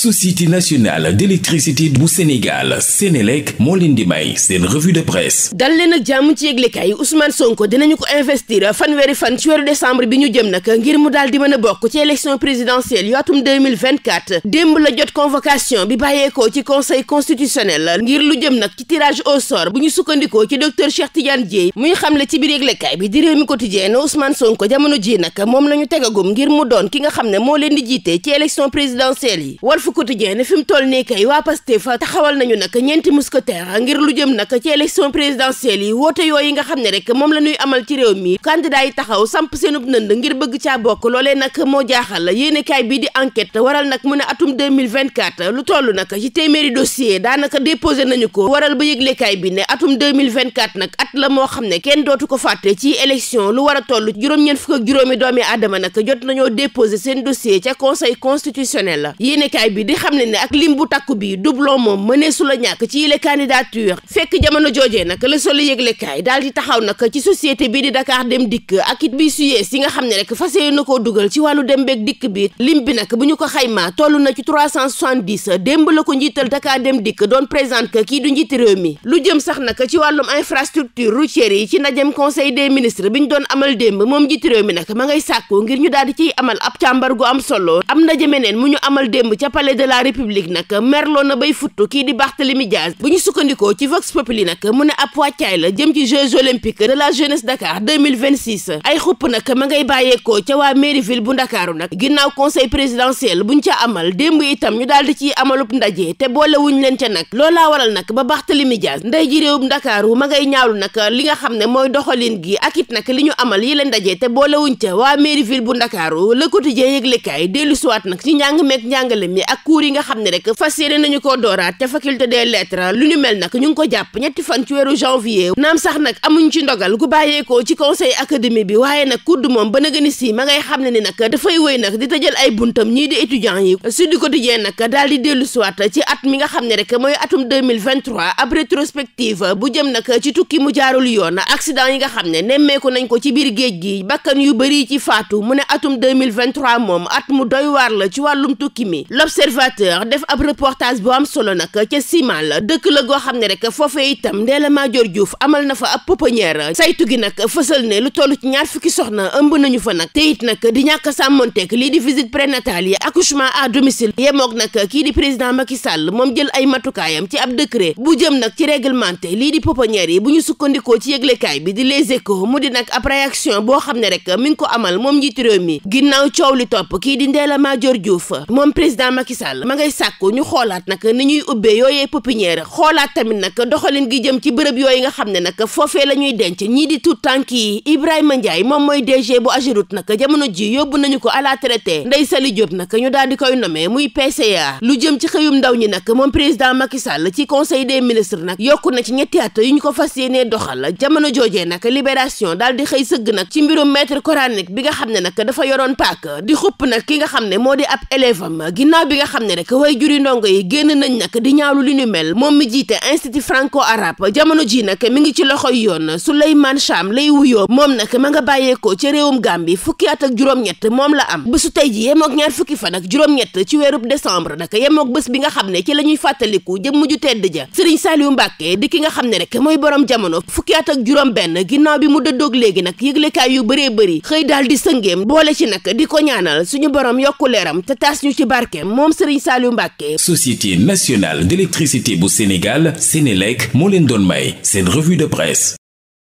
société nationale d'électricité bu Sénégal Sénélec moo leen di may seen revue de presse dal leen ak jàmm ci yëglekaay Ousmane Sonko dinañu ko investir fanweeri fan ci weeru décembre bi ñu jëm nag ngir mu daal di mën a bokk ci élection présidentielle yu atum 2024 démb la jot convocation bi bàyyeekoo ci conseil constitutionnel ngir lu jëm nag ci tirage au sort bu ñu sukkandikoo ci docteur Cheikh Tidiane Dièye muy xamle ci biir yëglekaay bi di réew mi quotidien Ousmane Sonko jamono ji nag moom la ñu tegagum ngir mu doon ki nga xam ne moo leen di jiite ci élection présidentielle yi quotidien ne fi mu toll nii kay waa Pastef taxawal nañu nag ñeenti mousquetaire ngir lu jëm nag ci élection présidentielle yi woote yooyu nga xam ne rek moom la ñuy amal ci réew mi candidat yi taxaw samp seenub nënd ngir bëgg caa bokk loolee nag moo jaaxal yéenekaay bii di enquête waral nag mu ne atum 2024 lu toll nag ci téeméeri dossier daanaka déposé nañu ko waral ba yëglekaay bi ne atum 2024 nag at la moo xam ne kenn dootu ko fàtte ci élection lu war a toll juróom-ñeent fukk ak juróomi doomi aadama nag jot nañoo déposé seen dossier ca conseil constitutionnel yéenekaay bi bi di xam ne ne ak lim bu takku bi doublon moom mënee su la ñàkk ci yile candidature fekk jamono joojee nag le solo yëglekaay daal di taxaw nag ci société bii di Dakar dem dikk ak it bi suyees yi nga xam ne rek fas yéene na koo dugal ci wàllu dem beeg dikk bi lim bi nag bu ñu ko xaymaa toll na ci trois cent soixante-dix démb la ko njiital Dakar dem dikk doon présenter kii du njiiti réew mi lu jëm sax nag ci wàllum infrastructure routière yi ci ndajem conseil des ministre bi ñu doon amal démb moom njiiti réew mi nag ma ngay sàkku ngir ñu daal di ciy amal ab càmbar gu am solo am ndaje meneen mu palais de la république nag merloo na bay futtu kii di Barthélemy Diaz bu ñu sukkandikoo ci Vox Populi nag mu ne ab wàccaay la jëm ci Jeux olympiques de la jeunesse Dakar 2026 ay xupp nag ma ngay bàyyeekoo ca waa mairie bu Ndakaaru nag ginnaaw conseil amal démb te boolewuñ leen ca nag loolaa waral nag ba Barthélemy Diaz ndey ji réewum Ndakaaru ma ngay ñaawlu nag li nga xam ne mooy doxalin gi ak it nag li ñu amal yi leen ndaje te boolewuñ ca waa mairie ville bu Ndakaaru Le Quotidien yëglekaay dellu siwaat nag ci njàng meek njàngale mi ak ak yi nga xam ne rek fas yéene nañu koo dooraat te faculté des lettres lu ñu mel nag ñu ngi ko jàpp ñetti fan ci weeru janvier naam sax nag amuñ ci ndogal gu bàyyeekoo ci conseil académique bi waaye nag kudd moom ba nagani si ma ngay xam ne ni nag dafay wéy nag di tëjal ay buntam ñii di étudiant yi di Quotidien nag daal di dellu siwaat ci at mi nga xam ne rek mooy atum 2023 ab rétrospective bu jëm nag ci tukki mu jaarul yoon accident yi nga xam ne nemmeeku nañ ko ci biir géej gi bakkan yu bëri ci faatu mu ne atum 2023 moom at mu doy waar la ci wàllum tukki mi l'observateur def ab reportage bu am solo nag ca la dëkk la goo xam ne rek foofee itam Ndella Madior Diouf amal na fa ab pouponnière saytu gi nag fësal ne lu toll ci ñaar fukki soxna ëmb nañu fa nag te it nag di ñàkk sàmmonteeg lii di visite prénatale yi accouchement à domicile yemoog nag kii di président Macky Sall moom jël ay matukaayam ci ab décret bu jëm nag ci réglementé lii di pouponnière yi bu ñu sukkandikoo ci yëglekaay bi di Les Échos mu di nag ab réaction boo xam ne rek mi ngi ko amal moom njiitu réew mi ginnaaw coow li topp kii di Ndella Madior Diouf Macky Sall ma ngay sàkku ñu xoolaat nag ni ñuy ubbee yooyee pépinière xoolaat tamit nag doxalin gi jëm ci bërëb yooyu nga xam ne nag foofee la ñuy denc ñii di tout tànk yi Ibrahima Ndiaye moom mooy DG bu Ageroute nag jamono ko à la traité Ndeye Sali Diop di koy nommé muy PCA lu jëm ci xëyum ndaw ñi nag moom président Macky Sall ci conseil des ministres nag yokku na ci ñetti at yu ñu ko fas yéenee doxal jamono joojee nag libération daal di xëy sëgg nag ci mbirum maître coranique bi nga xam ne nag dafa yoroon paak di xupp nag ki nga xam ne moo di ab élève am ginnaaw bi nga xam ne rek way juri ndongo yi génn nañ nag di ñaawlu li ñu mel moom mi jiite institut franco arabe jamono ji nag mi ngi ci loxo yoon su lay Souleymane Cham lay wuyoo moom nag ma nga bàyyeekoo ca réewum Gambie fukki at ak juróom-ñett moom la am bésu tey ji yemook ñaar fukki fan ak juróom ci weeru décembre nag yemook bés bi nga xam ne ci la ñuy fàttaliku jëmm ju tedd ja Serigne Saliou Mbacké di ki nga xam ne rek mooy borom jamono fukki at ak juróom benn ginnaaw bi mu dëddoog léegi nag yëglekaay yu bëree bëri xëy daal di sëngeem boole ci nag di ko ñaanal suñu borom yokku leeram te taas ñu moom Serigne Saliou Mbacke. Société nationale d'électricité bu Sénégal Sénélec moo leen doon may seen revue de presse.